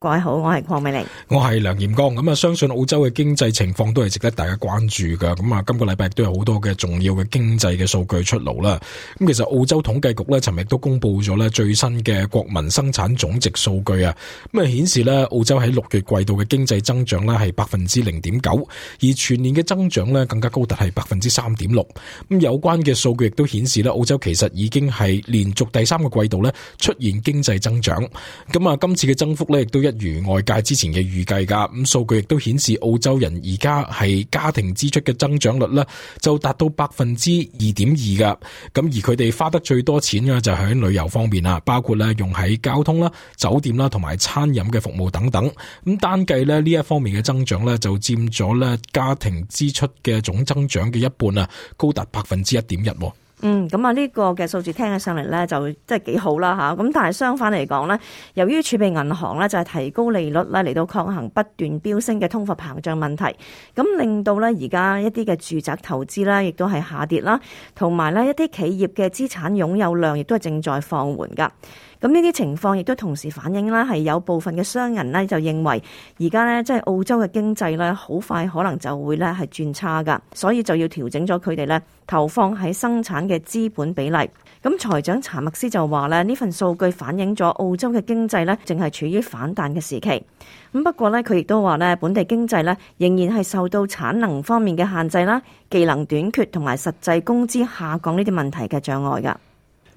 各位好，我係鄺美玲，我係梁艷剛。咁啊，相信澳洲嘅經濟情況都係值得大家關注噶。咁啊，今個禮拜亦都有好多嘅重要嘅經濟嘅數據出爐啦。咁其實澳洲統計局呢，尋日都公布咗呢最新嘅國民生產總值數據啊。咁啊，顯示呢，澳洲喺六月季度嘅經濟增長呢係百分之零點九，而全年嘅增長呢更加高達係百分之三點六。咁有關嘅數據亦都顯示呢，澳洲其實已經係連續第三個季度呢出現經濟增長。咁啊，今次嘅增幅呢亦都一如外界之前嘅預計噶，咁數據亦都顯示澳洲人而家係家庭支出嘅增長率呢，就達到百分之二點二噶。咁而佢哋花得最多錢嘅就喺旅遊方面啦，包括咧用喺交通啦、酒店啦同埋餐飲嘅服務等等。咁單計咧呢一方面嘅增長呢，就佔咗咧家庭支出嘅總增長嘅一半啊，高達百分之一點一。嗯，咁啊呢個嘅數字聽起上嚟咧就即係幾好啦吓，咁但係相反嚟講咧，由於儲備銀行咧就係提高利率咧嚟到抗衡不斷飆升嘅通貨膨脹問題，咁令到咧而家一啲嘅住宅投資呢，亦都係下跌啦，同埋咧一啲企業嘅資產擁有量亦都係正在放緩噶。咁呢啲情況亦都同時反映啦，係有部分嘅商人咧就認為，而家咧即係澳洲嘅經濟咧，好快可能就會咧係轉差噶，所以就要調整咗佢哋咧投放喺生產嘅資本比例。咁財長查默斯就話咧，呢份數據反映咗澳洲嘅經濟咧，淨係處於反彈嘅時期。咁不過咧，佢亦都話咧，本地經濟咧仍然係受到產能方面嘅限制啦、技能短缺同埋實際工資下降呢啲問題嘅障礙噶。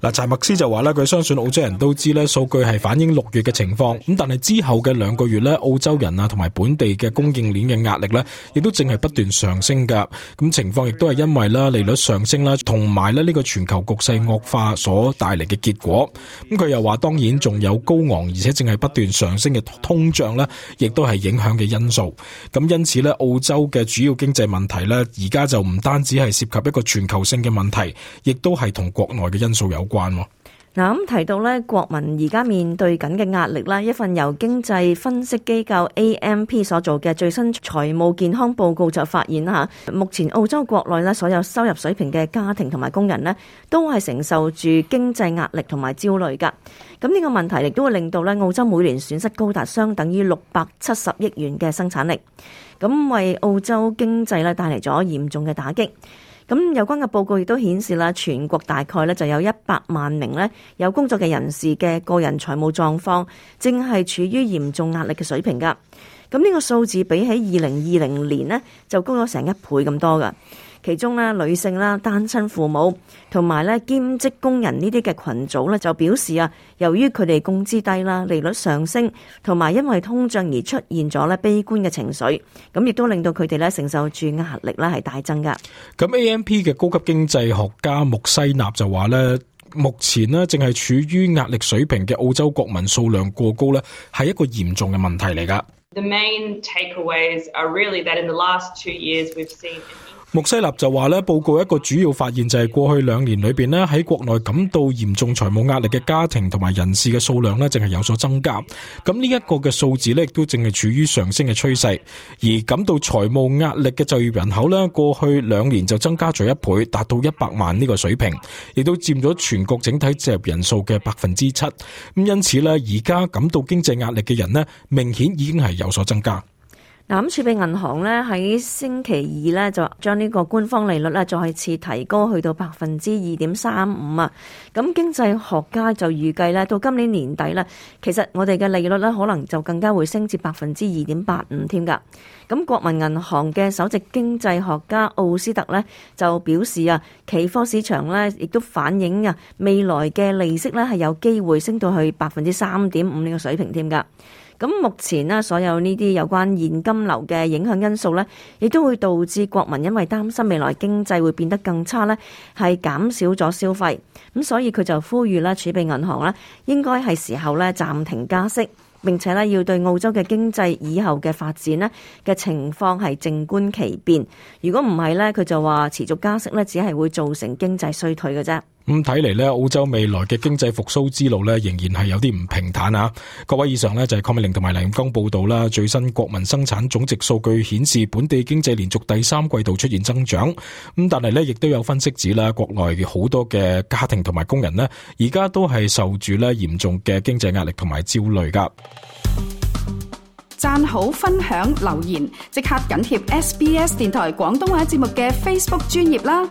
嗱，查默斯就話咧，佢相信澳洲人都知咧，數據係反映六月嘅情況，咁但係之後嘅兩個月咧，澳洲人啊同埋本地嘅供應鏈嘅壓力咧，亦都正係不斷上升噶。咁情況亦都係因為啦利率上升啦，同埋咧呢個全球局勢惡化所帶嚟嘅結果。咁佢又話，當然仲有高昂而且正係不斷上升嘅通脹咧，亦都係影響嘅因素。咁因此咧，澳洲嘅主要經濟問題咧，而家就唔單止係涉及一個全球性嘅問題，亦都係同國內嘅因素有關嗱，咁提到呢，國民而家面對緊嘅壓力咧，一份由經濟分析機構 AMP 所做嘅最新財務健康報告就發現啦，目前澳洲國內咧所有收入水平嘅家庭同埋工人呢，都係承受住經濟壓力同埋焦慮噶。咁呢個問題亦都會令到呢澳洲每年損失高達相等於六百七十億元嘅生產力，咁為澳洲經濟咧帶嚟咗嚴重嘅打擊。咁有關嘅報告亦都顯示啦，全國大概呢就有一百萬名呢有工作嘅人士嘅個人財務狀況正係處於嚴重壓力嘅水平㗎。咁呢個數字比起二零二零年呢就高咗成一倍咁多㗎。其中咧，女性啦、單親父母同埋咧兼職工人呢啲嘅群組咧，就表示啊，由於佢哋工資低啦、利率上升，同埋因為通脹而出現咗咧悲觀嘅情緒，咁亦都令到佢哋咧承受住壓力咧係大增㗎。咁 AMP 嘅高級經濟學家穆西納就話咧，目前咧正係處於壓力水平嘅澳洲國民數量過高咧，係一個嚴重嘅問題嚟㗎。穆西納就話咧，報告一個主要發現就係過去兩年裏邊咧，喺國內感到嚴重財務壓力嘅家庭同埋人士嘅數量咧，淨係有所增加。咁呢一個嘅數字咧，亦都淨係處於上升嘅趨勢。而感到財務壓力嘅就業人口咧，過去兩年就增加咗一倍，達到一百萬呢個水平，亦都佔咗全國整體就業人數嘅百分之七。咁因此咧，而家感到經濟壓力嘅人呢，明顯已經係有所增加。嗱，咁儲備銀行咧喺星期二咧就將呢個官方利率咧再次提高去到百分之二點三五啊！咁經濟學家就預計咧到今年年底咧，其實我哋嘅利率咧可能就更加會升至百分之二點八五添噶。咁國民銀行嘅首席經濟學家奧斯特咧就表示啊，期貨市場咧亦都反映啊未來嘅利息咧係有機會升到去百分之三點五呢個水平添噶。咁目前呢，所有呢啲有關現金流嘅影響因素呢，亦都會導致國民因為擔心未來經濟會變得更差呢，係減少咗消費。咁所以佢就呼籲啦，儲備銀行啦，應該係時候呢暫停加息，並且呢，要對澳洲嘅經濟以後嘅發展呢嘅情況係靜觀其變。如果唔係呢，佢就話持續加息呢，只係會造成經濟衰退嘅啫。咁睇嚟咧，澳洲未來嘅經濟復蘇之路咧，仍然係有啲唔平坦啊！各位以上咧就係鄺美玲同埋黎永剛報道啦。最新國民生產總值數據顯示，本地經濟連續第三季度出現增長。咁但係咧，亦都有分析指啦，國內好多嘅家庭同埋工人呢，而家都係受住咧嚴重嘅經濟壓力同埋焦慮噶。讚好分享留言，即刻緊貼 SBS 電台廣東話節目嘅 Facebook 專頁啦。